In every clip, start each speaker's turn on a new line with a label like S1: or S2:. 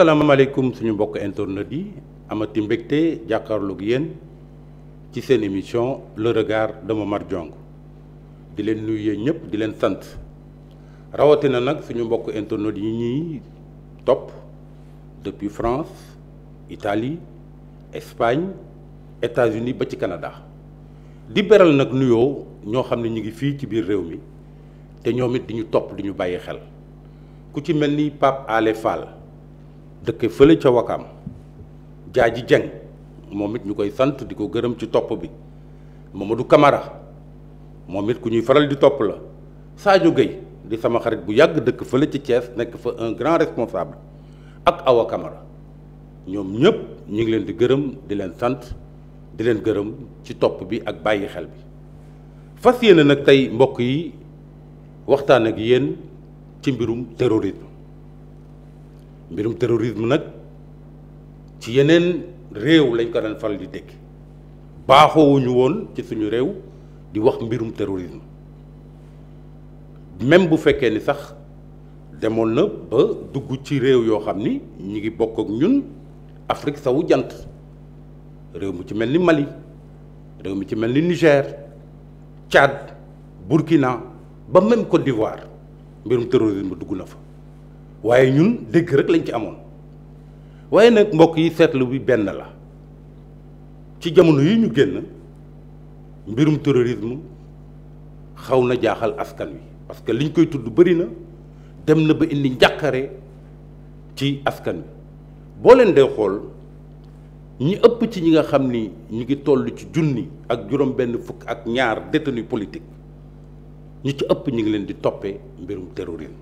S1: alaykum suñu mbokk internet yi amati mbégte jàkkaarloog yeen ci seen émission le regard de Momar di len nuyé ñëpp di sante sant na nak suñu mbokk internet yi ñi top depuis France Italie Espagne États-Unis ba ci Canada di béral nak nuyo ño xamni ñi ngi fi ci biir réew mi té ñomit di ñu xel ku ci melni Pape Alé dëkke fële ca Wakaam Jaaji Jeng moom it ñu koy sant di ko gërëm ci topp bi moom Mamadou kamara moom it ku ñuy faral di topp la Sadio Gueye di sama xarit bu yàgg dëkk fële ci Thiès nekk fa un grand responsable ak Awa Camara ñoom ñëpp ñu ngi leen di gërëm di leen sant di leen gërëm ci topp bi ak bàyyi xel bi fas yéene nag tey mbokk yi waxtaan ak yéen ci mbirum terrorisme mbirum terrorisme nag ci yeneen réew lañ ko daan faral di dégg baaxoowuñu woon ci suñu réew di wax mbirum terrorisme même bu fekkee ni sax demoon na ba dugg ci réew yoo xam ni ñi ngi bokk ak ñun Afrique sawu jant réew mu ci mel ni Mali réew mu ci mel ni Niger Tchad Burkina ba même Côte d'Ivoire mbirum terrorisme dugg na fa waaye ñun dégg rek lañ ci amoon waaye nag mbokk yi seetlu bi benn la ci jamono yi ñu génn mbirum terrorisme xaw na jaaxal askan wi parce que liñ koy tudd bëri na dem na ba indi njàqare ci askan wi boo leen dee xool ñi ëpp ci ñi nga xam ni ñu ngi toll ci junni ak juróom benn fukk ak ñaar détenu politique ñu ci ëpp ñu ngi leen di toppee mbirum terrorisme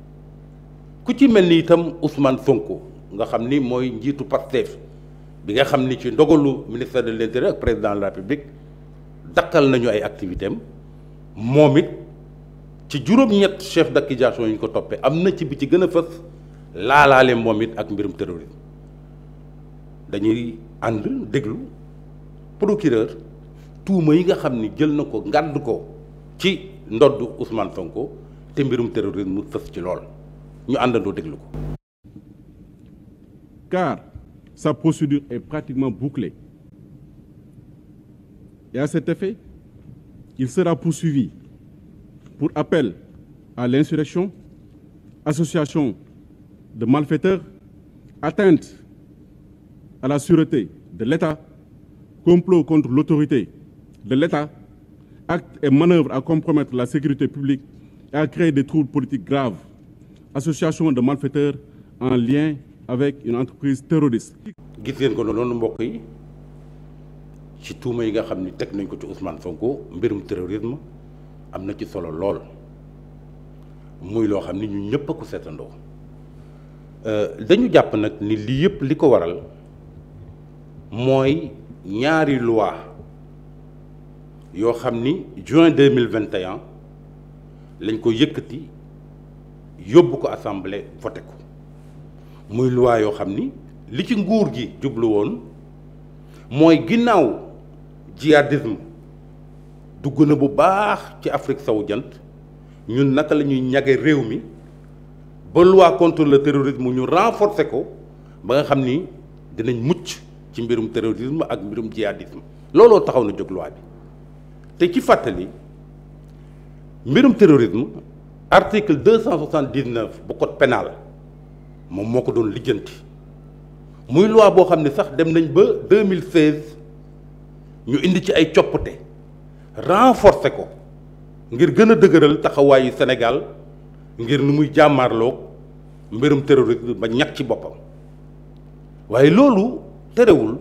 S1: ku ci mel ni itam Ousmane Sonko nga xam ni mooy njiitu Pastef bi nga xam ni ci ndogalu ministère de l'intérieur ak président de la République dakkal nañu ay activité am moom it ci juróom-ñett chef d'accusation yi ñu ko toppee am na ci bi ci gën a fës laalaale moom it ak mbirum terrorisme dañuy ànd déglu procureur tuuma yi nga xam ni jël na ko ngàdd ko ci ndodd Ousmane Sonko te mbirum mu fës ci lool car sa procédure est pratiquement bouclée et à cet effet il sera poursuivi pour appel à l'insurrection association de malfaiteurs atteinte à la sûreté de l'État complot contre l'autorité de l'État acte et manœuvre à compromettre la sécurité publique et à créer des troubles politiques graves association de malfaiteurs en lien avec une entreprise terroriste. ci tuuma yi nga xam ni teg nañ ko ci Ousmane fonko mbirum terrorisme am na ci solo lool muy loo xam ni ñu ñëpp a ko seetandoo euh, dañu jàpp nag ni li yëpp li ko waral mooy ñaari loi yoo xam ni juin 2021 lañ ko yëkkati. yóbbu ko assemblée voté ko muy loi yoo xam ni li ci nguur gi jublu woon mooy ginnaaw jihadisme dugg na bu baax ci Afrique sowu jant ñun naka lañuy ñage réew mi ba loi contre le terrorisme ñu renforcer ko ba nga xam ni dinañ mucc ci mbirum terrorisme ak mbirum jihadisme looloo taxaw na jóg loi bi te ci fàttali mbirum terrorisme article 279 du code pénal mom moko ko lidjenti loi bo xamni ne sax dem nañ ba 2016 ñu indi ci ay coppite renforcer ko ngir gëna a taxawayu Sénégal ngir nu muy mbirum terrorisme ba ñak ci bopam waye lolu téréwul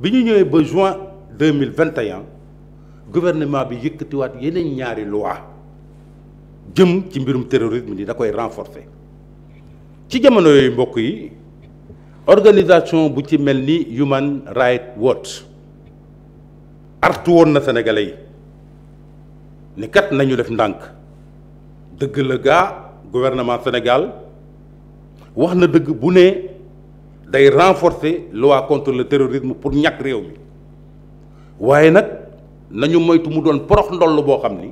S1: bi ñu ba juin 2021 gouvernement bi wat yeneen ñaari loi jëm ci mbirum terrorisme ni da koy renforcer ci jamono yooyu mbokk yi organisation bu ci melni Human Rights Watch artu woon na sénégalais yi ni kat nañu def ndànk deug le ga gouvernement Sénégal wax na dëgg bu né day renforcer loi contre le terrorisme pour ñak réew mi waye nak nañu moytu mu doon porox ndoll bo xamni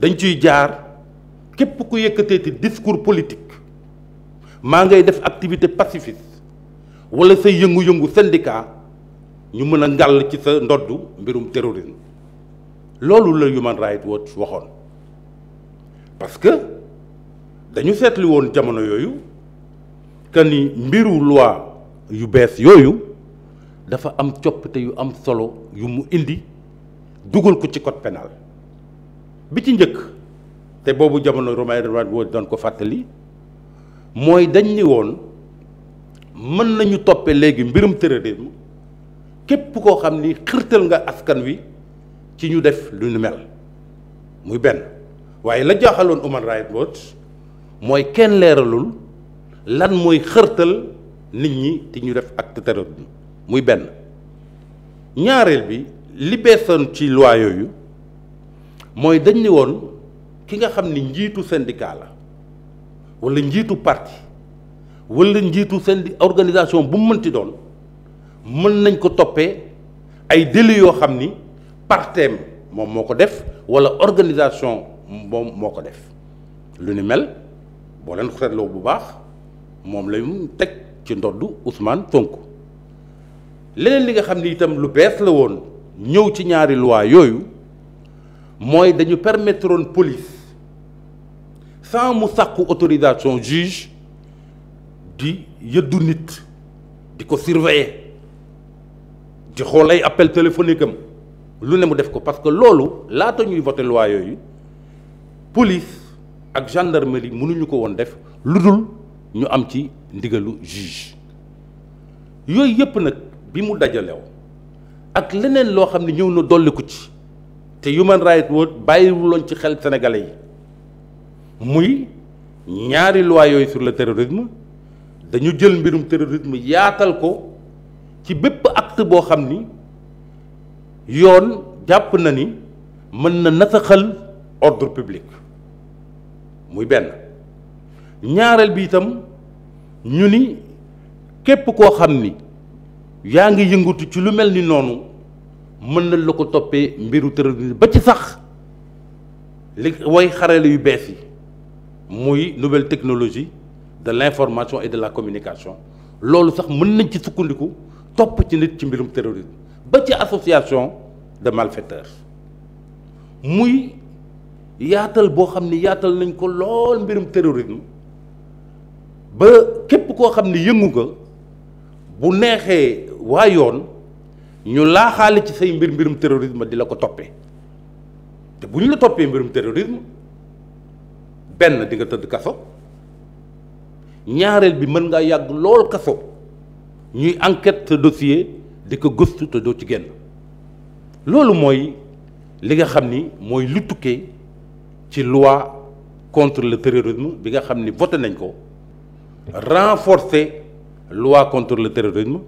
S1: dañ ciy jaar képp ku yëkkateeti discours politique maa ngay def activité pacifiste wala sa yëngu-yëngu syndicat ñu mën a ngàll ci sa ndodd mbirum terrorisme loolu la Human Rights Watch waxoon parce que dañu seetli woon jamono yooyu que ni mbiru loi yu bees yooyu dafa am coppite yu am solo yu mu indi dugal ko ci code pénal bi ci njëkk te boobu jamono Romain Rolland Wade doon ko fàttali mooy dañ ni woon mën nañu toppe léegi mbirum terrorisme képp koo xam ni xirtal nga askan wi ci ñu def lu ñu mel muy benn waaye la jaaxaloon Human Rights Watch mooy kenn leeralul lan mooy xërtal nit ñi te ñu def acte terrorisme muy benn ñaareel bi li beesoon ci loi yooyu mooy dañ ni woon ki nga xam ni njiitu syndicat la wala njiitu parti wala njiitu syndi organisation bu mu mënti doon mën nañ ko toppee ay délits yoo xam ni parteem moom moo ko def wala organisation moom moo ko def lu ni mel boo leen seetloo bu baax moom lañu teg ci ndoddu Ousmane Sonko leneen li nga xam ni itam lu bees la woon ñëw ci ñaari loi yooyu mooy dañu permettre woon police sans mu sàkku autorisation juge di yëddu nit di ko surveiller di xool ay appel téléphonique lu ne mu def ko parce que loolu laata ñuy voté loi yooyu police ak gendarmerie mënuñu ko woon def lu dul ñu am ci ndigalu juge yooyu yëpp nag bi mu dajalew ak leneen loo xam ne ñëw na dolliku ci te Human Rights Watch loon ci xel sénégalais yi muy ñaari loi yooyu sur le terrorisme dañu jël mbirum terrorisme yaatal ko ci bépp acte boo xam ni yoon jàpp na ni mën na nasaxal ordre public muy benn ñaareel bi itam ñu ni képp koo xam ni yaa ngi yëngutu ci lu mel ni noonu mën na la ko toppee mbiru terrorisme ba ci sax li woy xarale yu bees yi muy nouvelle technologie de l'information et de la communication loolu sax mën nañ ci sukkandiku top ci nit ci mbirum terrorisme ba ci association de malfaiteurs muy yaatal boo xam ni yaatal nañ ko lool mbirum terrorisme ba képp koo xam ni yëngu nga bu neexee waa yoon ñu laaxaale ci say mbir mbirum terrorisme di la ko toppee te bu ñu la toppee mbirum terrorisme ben, di nga teud kaso ñaareel bi meun nga yag lool kaso ñuy enquête dossier di ko gustu te ci genn loolu moy li nga xamni ni lu tuké ci loi contre le terrorisme bi nga xamni voter voté nañ ko renforcer loi contre le terrorisme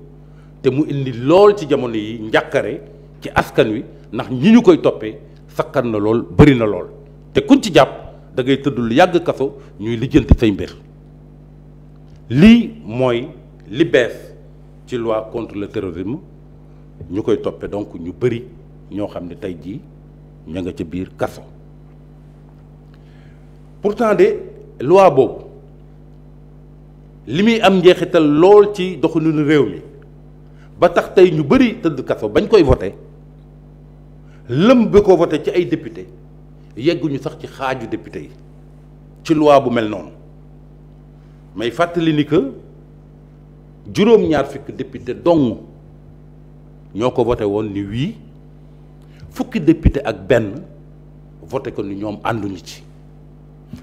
S1: te mu indi lool ci jamono yi njàkkare ci askan wi ndax ñi ñukoy topé na lool bari na lool te kuñ ci da ngay tëdd lu yàgg kaso ñuy lijjanti say mbir lii mooy li bees ci loi contre le terrorisme ñu koy toppe donc ñu bëri ñoo xam ne tey jii ña nga ca biir kaso pourtant de loi boobu li muy am njeexital lool ci doxalinu réew mi ba tax tey ñu bëri tëdd kaso bañ koy voté lëm bi ko voté ci ay député yegguñu sax ci xaaju député yi ci loi bu mel noonu may fàttali ni que juróom-ñaar fukki député dong ñoo ko voté woon ni wii fukki député ak benn voté ko ni ñoom ànduñu ci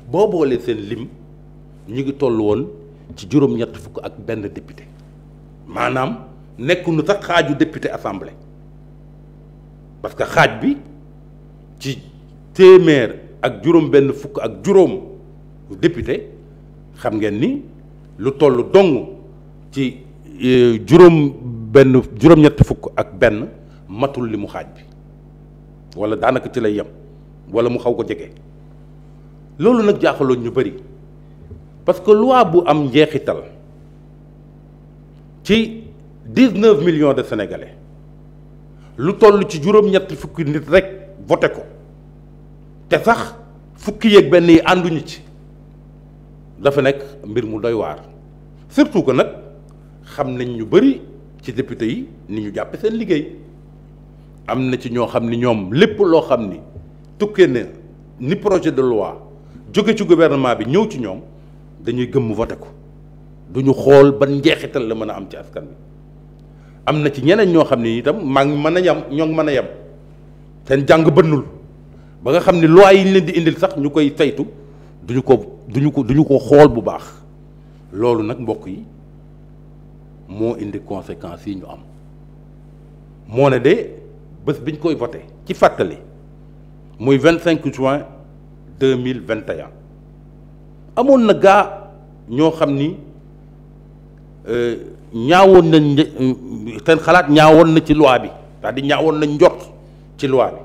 S1: boo boolee seen lim ñu ngi toll woon ci juróom-ñett fukk ak benn député maanaam nekkuñu sax xaaju député assemblée parce que xaaj bi ci. téeméer ak juróom benn fukk ak juróom député xam ngeen ni lu toll dong ci e, juróom benn juróom-ñetti fukk ak benn matul li mu xaaj bi wala daanaka ci lay yem wala mu xaw ko jege loolu nag jaaxaloon ñu bëri parce que loi bu am njeexital ci dix-neuf million de sénégalais lu toll ci juróom-ñetti fukki nit rek voté ko. te sax fukki yéeg benn yi ànduñu ci dafa nekk mbir mu doy waar surtout que nag xam nañ ñu bëri ci député yi ni ñu jàppe seen liggéey am na ci ñoo xam ni ñoom lépp loo xam ni tukkee ne ni projet de loi jóge ci gouvernement bi ñëw ci ñoom dañuy gëmm voté ko du ñu xool ba njeexital la mën a am ci askan bi am na ci ñeneen ñoo xam ne itam maa mën a yam ñoo ngi mën a yem seen jàng bënnul ba nga que loi yi di indil sax duñu ko duñu ko duñu ko bu baax loolu mbokk conséquences yi ñu am ne de biñ koy ci 25 juin 2021 amoon na gaa ñoo ni euh, ñaawoon nañ xalaat na ci loi loi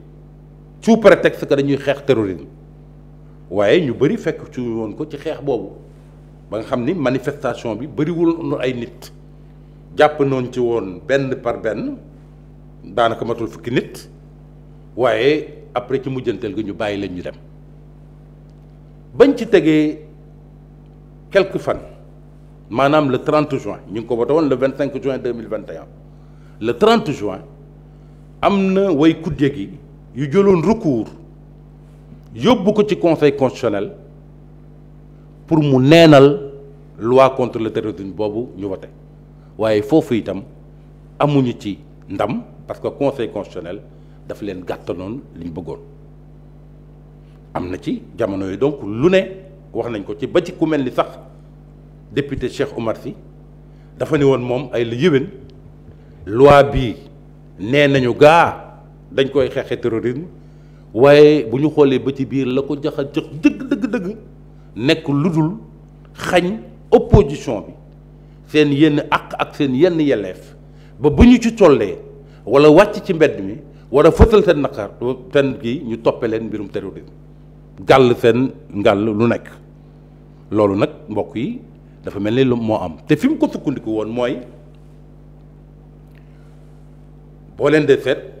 S1: sous prétexte que dañuy xeex terrorisme waaye ñu bëri fekk ci woon ko ci xeex boobu ba nga xam ni manifestation bi bëriwul nu ay nit jàpp noonu ci woon benn par benn daanaka matul fukki nit waaye après ci mujjanteel gi ñu bàyyi leen ñu dem bañ ci tegee quelques fan maanaam le 30 juin ñu ngi ko voté woon vingt cinq juin 2021 le 30 juin am na way kuddee gi yu un recours a ko ci conseil constitutionnel pour mu neenal loi contre le terrorisme boobu ñu itam amuñu ndam parce que conseil constitutionnel daf leen gàttaloon li ñu bëggoon ci jamono donc lu ne wax nañ ko ci ba ci ku député Cheikh dafa ay la loi dañ koy xeexee terrorisme waaye bu ñu xoolee ba ci biir la ko jaxa jox dëgg dëgg dëgg nekk lu dul xañ opposition bi seen yenn àq ak seen yenn yelleef ba bu ñu ci tollee wala wàcc ci mbedd mi war a fësal seen naqar seen kii ñu toppee leen mbirum terrorisme gàll seen ngàll lu nekk loolu nag mbokk yi dafa mel ni moo am te fi mu ko sukkandiku woon mooy boo leen dee seet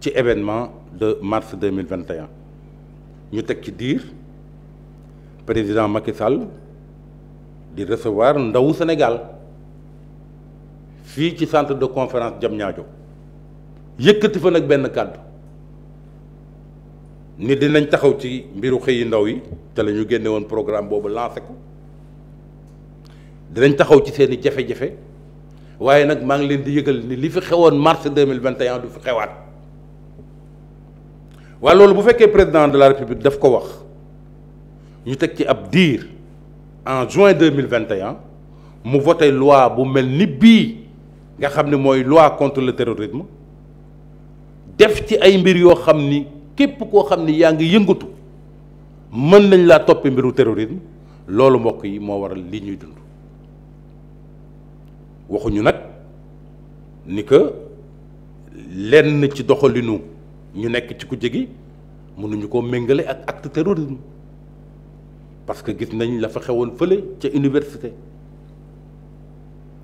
S1: ci événement de mars 2021 ñu teg ci diir président Macky di recevoir ndawu Sénégal fii ci centre de conférence Diamniadio yëkkati fa nag benn kàddu ni dinañ taxaw ci mbiru xëyi ndaw yi te la ñu génne woon programme boobu lancé ko dinañ taxaw ci seeni jafe-jafe waaye nag maa ngi leen di yëgal ni li fi xewoon mars 2021 du fi xewaat waa loolu bu fekkee président de la république daf ko wax ñu teg ci ab diir en juin 2021 mille mu voté loi bu mel ni bii nga xam ne mooy loi contre le terrorisme def ci ay mbir yoo xam ni képp koo xam ni yaa ngi yëngatu mën nañ laa toppi mbiru terrorisme loolu mbokk yi moo waral li ñuy dund waxuñu nag ni que lenn ci doxalinu. ñu nekk ci kujje gi mënuñu koo méngale ak acte terrorisme parce que gis nañ la fa xewoon fële ca université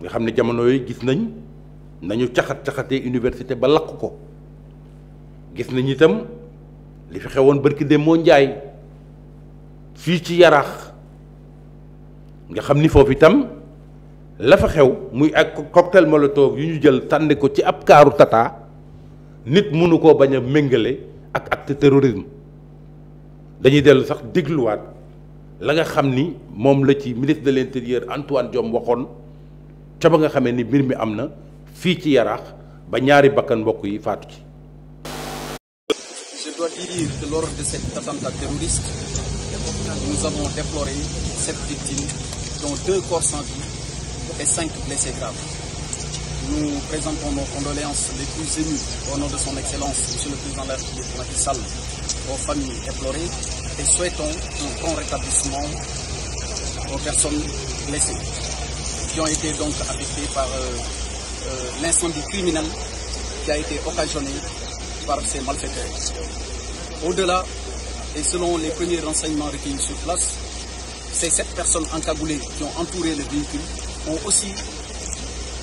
S1: nga xam ne jamono yooyu gis nañ nañu caxat caxate université ba lakk ko gis nañ itam li fi xewoon barki dem moo njaay fii ci yaraax nga xam ni foofu itam la fa xew muy ak cocktail molotov yu ñu jël tànne ko ci ab kaaru tata nit mënu ko bañ terrorisme ministre de l'intérieur Antoine Je dois dire que lors de cette attentat terroriste, nous avons déploré cette victime dont deux corps sans vie et cinq blessés graves. Nous présentons nos condoléances les plus émues au nom de son Excellence, Monsieur le Président de la République Macky aux familles éplorées et souhaitons un bon rétablissement aux personnes blessées qui ont été donc affectées par euh, euh, l'incendie criminel qui a été occasionné par ces malfaiteurs. Au-delà, et selon les premiers renseignements recueillis sur place, ces sept personnes encaboulées qui ont entouré le véhicule ont aussi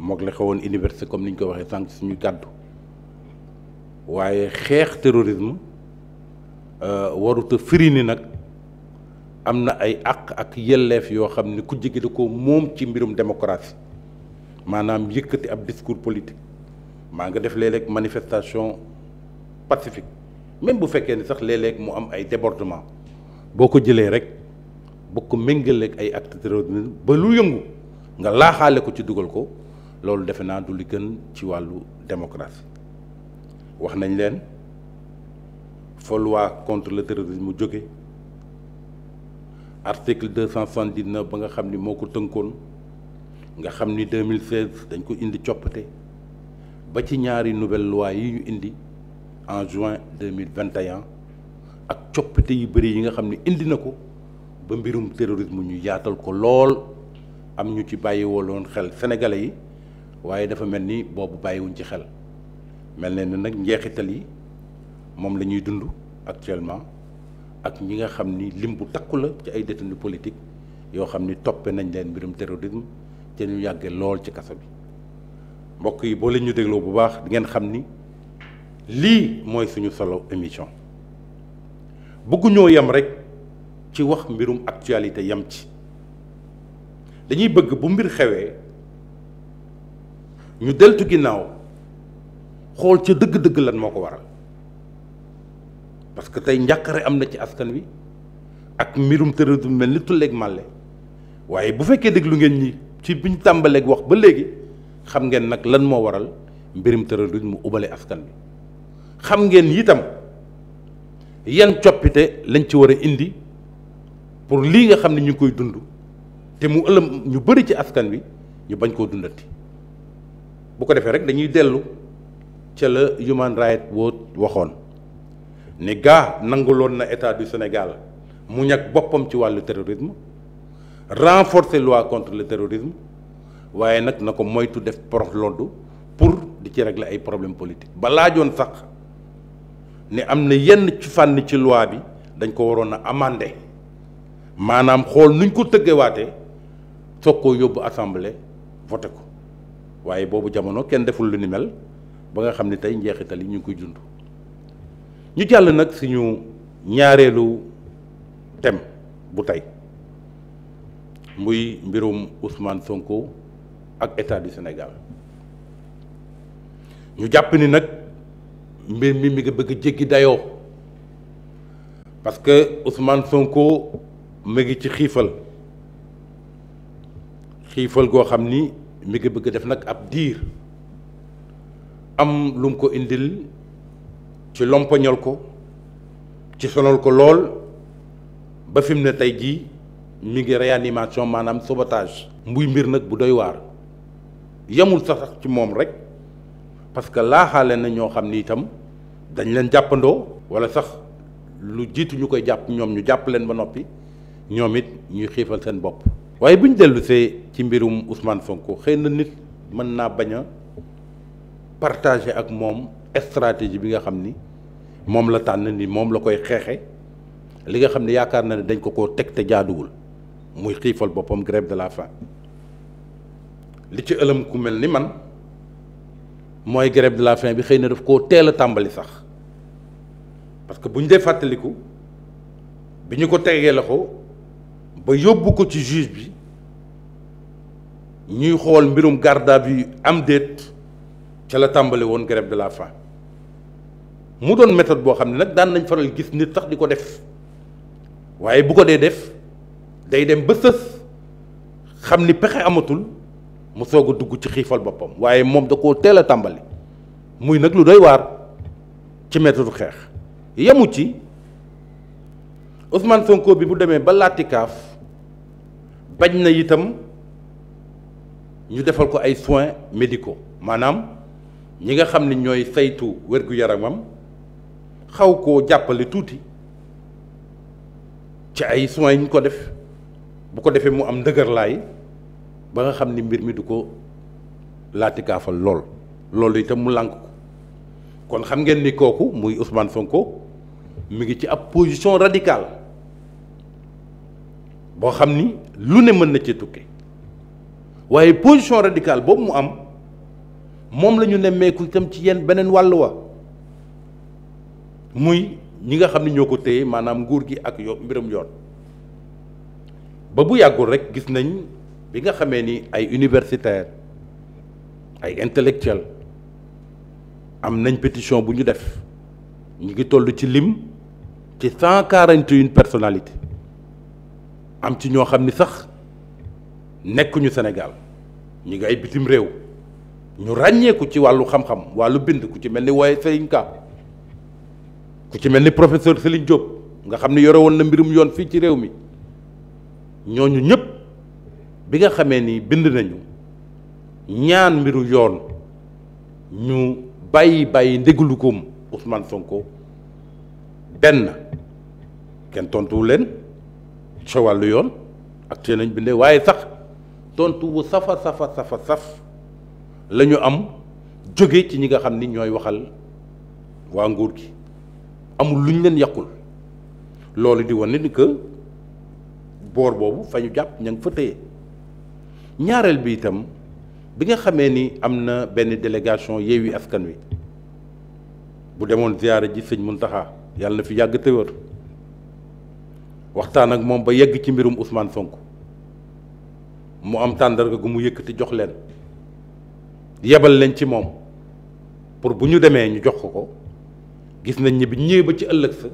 S1: moog la xewoon université comme ni ñu ko waxee sànq suñu kàddu waaye xeex terrorisme euh, warut a firi ni nag am na ay àq ak yelleef yoo xam ne ku jege da ko moom ci mbirum démocratie maanaam yëkkati ab discours politique maa nga def léeg-léeg manifestation pacifique même bu fekkee ni sax léeg mu am ay débordement boo ko jëlee rek boo ko méngaleeg ay acte terrorisme ba lu yëngu nga laaxaale ko ci dugal ko loolu defe naa du li gën ci wàllu démocratie wax nañ leen fa contre le terrorisme mu jóge article deux cent soixante-dix-neuf ba nga xam ni moo ko tënkoon nga xam ni 2016 dañ ko indi coppite ba ci ñaari nouvelle loi yi ñu indi en juin 2021 ak coppite yi bëri yi nga xam ni indi na ko ba mbirum terrorisme ñu yaatal ko lool am ñu ci bàyyi loon xel sénégalais yi waaye dafa mel ni boobu bàyyiwuñ ci xel mel ne ni nag njeexital yi moom la ñuy dund actuellement ak ñi nga xam ni lim bu takku la ci ay détenus politique yoo xam ni toppe nañ leen mbirum terrorisme te ñu yàggee lool ci kaso bi mbokk yi boo leen ñu dégloo bu baax di ngeen xam ni lii mooy suñu solo émission bëgguñoo yem rek ci wax mbirum actualité yem ci dañuy bëgg bu mbir xewee ñu deltu ginnaaw xool ca dëgg-dëgg lan moo ko waral parce que tey njàqare am na ci askan wi ak mbirum tëradu mel ni tulleeg màlle waaye bu fekkee déglu ngeen ñi ci biñ tàmbaleek wax ba léegi xam ngeen nag lan moo waral mbirum tëradu mu ubale askan wi xam ngeen itam yan coppite lañ ci war a indi pour lii nga xam ne ñu koy dund te mu ëlëm ñu bari ci askan wi ñu bañ koo dundati bu ko defee rek dañuy dellu ca la Human Rights Watch waxoon ni gaa nanguloon na état du Sénégal mu ñag boppam ci wàllu terrorisme renforcer loi contre le terrorisme waaye nag na ko moytu def porox lodd pour di ci régler ay problème politique balaa joon sax ni am na yenn ci fànn ci loi bi dañ ko waroon a amender maanaam xool nuñ ko tëggewaatee soog koo yóbbu assemblée voté ko waaye boobu jamono kenn deful lu ni mel ba nga xam ne tey njeexital yi ñu ngi koy ñu jàll nag suñu ñaareelu thème bu tey muy mbirum Ousmane Sonko ak état du Sénégal ñu jàpp ni mbir mi mi nga bëgg jéggi dayoo parce que Ousmane Sonko mu ngi ci mi ngi bëgg def nag ab diir am lum ko indil ci lompoñol ko ci sonal ko lool ba fi mu ne tey jii mi ngi réanimation maanaam sobotage mbuy mbir nag bu doy waar yamul sax ci moom rek parce que laaxaale na ñoo xam ni itam dañ leen jàppandoo wala sax lu jiitu ñu koy jàpp ñoom ñu jàpp leen ba noppi ñoom it ñuy xiifal seen bopp waaye bu ñu dellusee ci mbirum Ousmane Sonko xëy na nit mën naa bañ a partager ak moom stratégie bi nga xam ni moom la tànn ni moom la koy xeexe li nga xam ne yaakaar na ne dañ ko koo teg te jaaduwul muy xiifal boppam grève de la faim li ci ëlëm ku mel ni man mooy grève de la fin bi xëy na daf koo teel a tàmbali sax parce que bu ñu dee fàttaliku bi ñu ko tegee loxo ba yóbbu ko ci juge bi ñuy xool mbirum garde à vue am déet ca la tàmbali woon grève de la faim mu doon méthode boo xam ne nag daan nañ faral gis nit sax di ko def waaye bu ko dee def day dem ba sës xam ni pexe amatul mu soog a dugg ci xiifal boppam waaye moom da koo teel a tàmbali muy nag lu doy waar ci méthode xeex yemu ci Ousmane Sonko bi bu demee ba laati kaaf bañ na itam ñu defal ko ay soins médicaux maanaam ñi nga xam ni ñooy saytu wér-gu-yaramam xaw koo jàppale tuuti ci ay soins yi ñu ko def bu ko defee mu am ndëgërlaay ba nga xam ni mbir mi du ko laatikaafal lool loolu itam mu lànk ko kon xam ngeen ni kooku muy Ousmane Sonko mu ngi ci ab position radicale boo xam ni lu ne mën na cee tukki waaye position radicale boobu mu am moom lañu ñu nemmeeku itam ci yenn beneen wàll wa muy ñi nga xam ni ñoo ko téye maanaam nguur gi ak yo mbirum yoon ba bu yàggul rek gis nañ bi nga xamee ni ay universitaire ay intellectuel am nañ pétition bu ñu def ñu ngi toll ci lim ci cent quarante et une personnalité am ci ñoo xam ni sax nekkuñu Sénégal ñu ngi ay bitim réew ñu ràññeeku ci wàllu xam-xam wàllu bind ku ci mel ni waaye Serigne Ka ku ci mel ni professeur Serigne Diop nga xam ni yore woon na mbirum yoon fii ci réew mi ñooñu ñëpp bi nga xamee ni bind nañu ñaan mbiru yoon ñu bàyyi bàyyi ndéglukum Ousmane Sonko benn kenn tontuwu leen ca wàllu yoon ak te nañ bindee waaye sax tontu bu safa safa safa saf la ñu am jóge ci ñi nga xam ni ñooy waxal waa nguur gi amul luñ leen yàqul loolu di wane ni que boor boobu fa ñu jàpp ña fa téye ñaareel bi itam bi nga xamee ni am na benn délégation Yewwi Askan Wi bu demoon ziyaara ji sëñ taxaa yàlla na fi yàgg te waxtaan ak moom ba yegg ci mbirum Ousmane fonk mu am tàndarga gu mu yëkkati jox leen yebal leen ci moom pour bu ñu demee ñu jox ko ko gis nañ ni bi ba ci ëllëg sa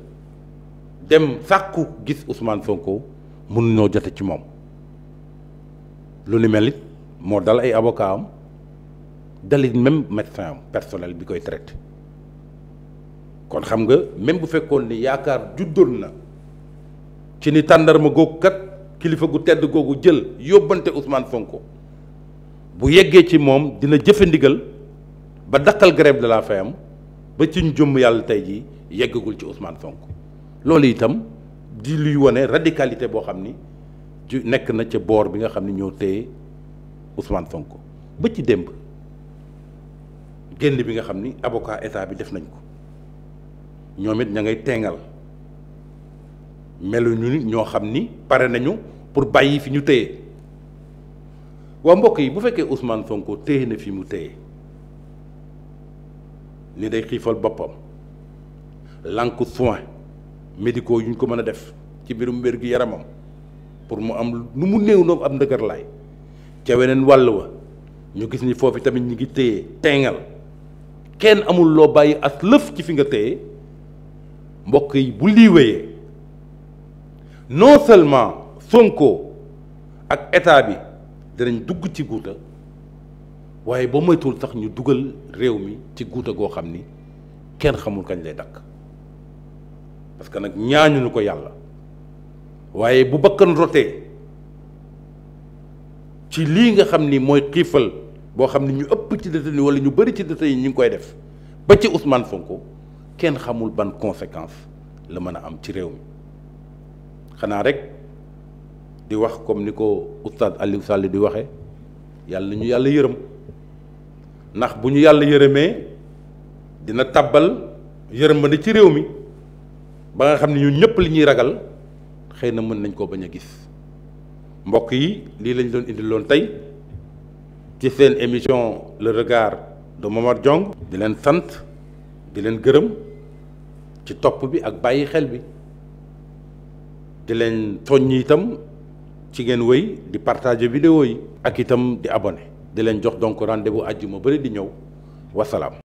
S1: dem sàkku gis Ousmane Sonko mënu jote ci moom lu ni mel it moo dal ay avocat dalit même médecin am bi koy traité kon xam nga même bu fekkoon ni yaakaar juddoon na ci ni tàndarma googu kilifa gu tedd googu jël yóbbante Ousmane Sonko bu yeggee ci moom dina jëfe ndigal ba daqal grève de la ba ci jëmm yàlla tey jii yeggagul ci Ousmane Sonko loolu itam di luy wane radicalité boo xam ni ci nekk na ca boor bi nga xam ni ñoo téye usmaan sonk ba ci démb génn bi nga xam ni avocat état bi def nañ ko ñoom it ña ngay tengal meluñu nit ñoo xam ni pare nañu pour bàyyi fi ñu téye waa mbokk yi bu fekkee Ousmane Sonko téye na fi mu téye ni day xiifal boppam lànk soins médicaux yu ñu ko mën a def ci mbirum wér gi yaramam pour mu am nu mu néew noonu am ndëgër laay ca weneen wàll wa ñu gis ni foofu tamit ñu ngi téye tengal kenn amul loo bàyyi as lëf ci fi nga téye mbokk yi bu lii non seulement Sonko ak état bi dinañ dugg ci gouta waye ba moytul sax ñu duggal réew mi ci gouta go xamni kenn xamul kañ lay dak parce que nak ñaañu ñuko yàlla waye bu bakkan roté ci li nga xamni moy xifal bo xamni ñu ëpp ci détenu wala ñu bari ci détenu yi ñu ngi koy def ba ci Ousmane Sonko kenn xamul ban conséquence le mën am ci réew mi xanaa rek di wax comme ni ko oustaz Aliou Sall di waxe yàlla ñu yàlla yërëm ndax bu ñu yàlla yërëmee dina tàbbal yërmande ci réew mi ba nga xam ne ñu ñëpp li ñuy ragal xëy na mën nañ koo bañ a gis mbokk yi lii lañ doon indi loon tey ci seen émission le regard de Momar Diong di leen sant di leen gërëm ci topp bi ak bàyyi xel bi di leen toññ itam ci ngeen wéy di partager vidéo yi ak itam di abonné di leen jox donc bu vous ma bëri di ñëw wasalaam